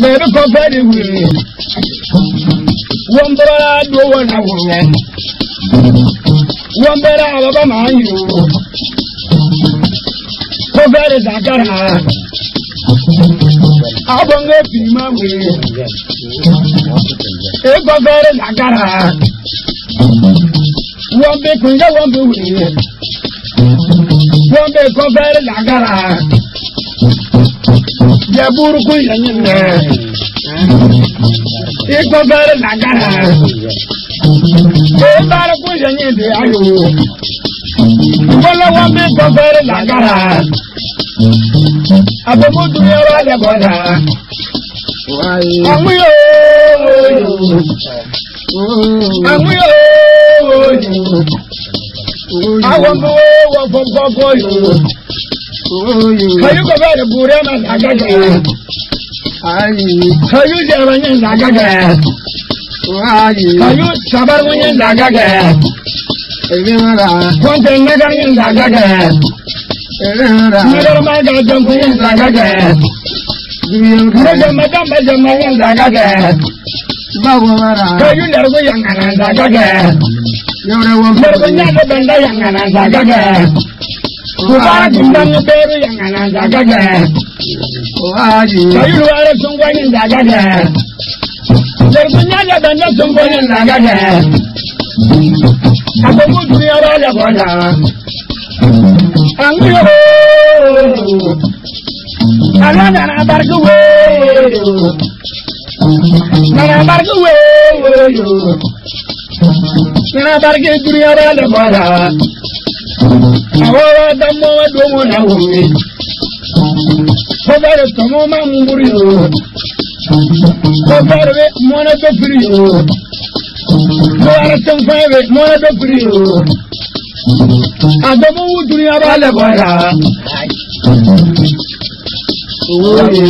Mẹ́rin kọ́kọ́ ni wùrẹ̀. Wọ́n bọ́ra dúró wọn náà wùrẹ̀. Wọ́n bọ́ra bàbá màá ń yòó. Kọ́kọ́ ni sàkárà. Abọ́ngé bì má wùrẹ̀. Ẹ kọ́kọ́ ni sàkárà. Wọ́n bẹ kùnjẹ́ wọ́n bẹ wùrẹ̀. Wọ́n bẹ kọ́kọ́ ni sàkárà jẹ burúkú yẹn yín nẹ ikú bẹ̀rẹ̀ nàgàrà ó bẹ̀rẹ̀ yẹn yín dè ayò gbọlọwọ mi kọ bẹ̀rẹ̀ nàgàrà àbẹmọdù yẹn wà lẹbọdà àwọn yóò àwọn yóò àwọn mi wọ fọfọfọ yóò kayu ko bada bure na zagaga kayu jara yin zagaga kayu sabar mun yin zagaga kwanke naga yin zagaga nidar ma ga don kun yin zagaga Nada madam madam yin zagaga bawo mara kayu nargo yang anan zagaga yau ne wo nargo nya da banda yang anan Kubajiyan bere yana zagaga. Kubaji. Sayu wale tungwani zagaga. Jarfunya ya danya tungwani zagaga. Abubu dunia wala bola. Angiyo. Alana na barku we. Na barku we. Na barku dunia wala bola. Ahora damos a domo na wome. Pobare tomo ma mburi yo. Pobare mwana to firi yo. Pobare tomfave mwana to firi yo. Adomo uduni abale bora. Oye.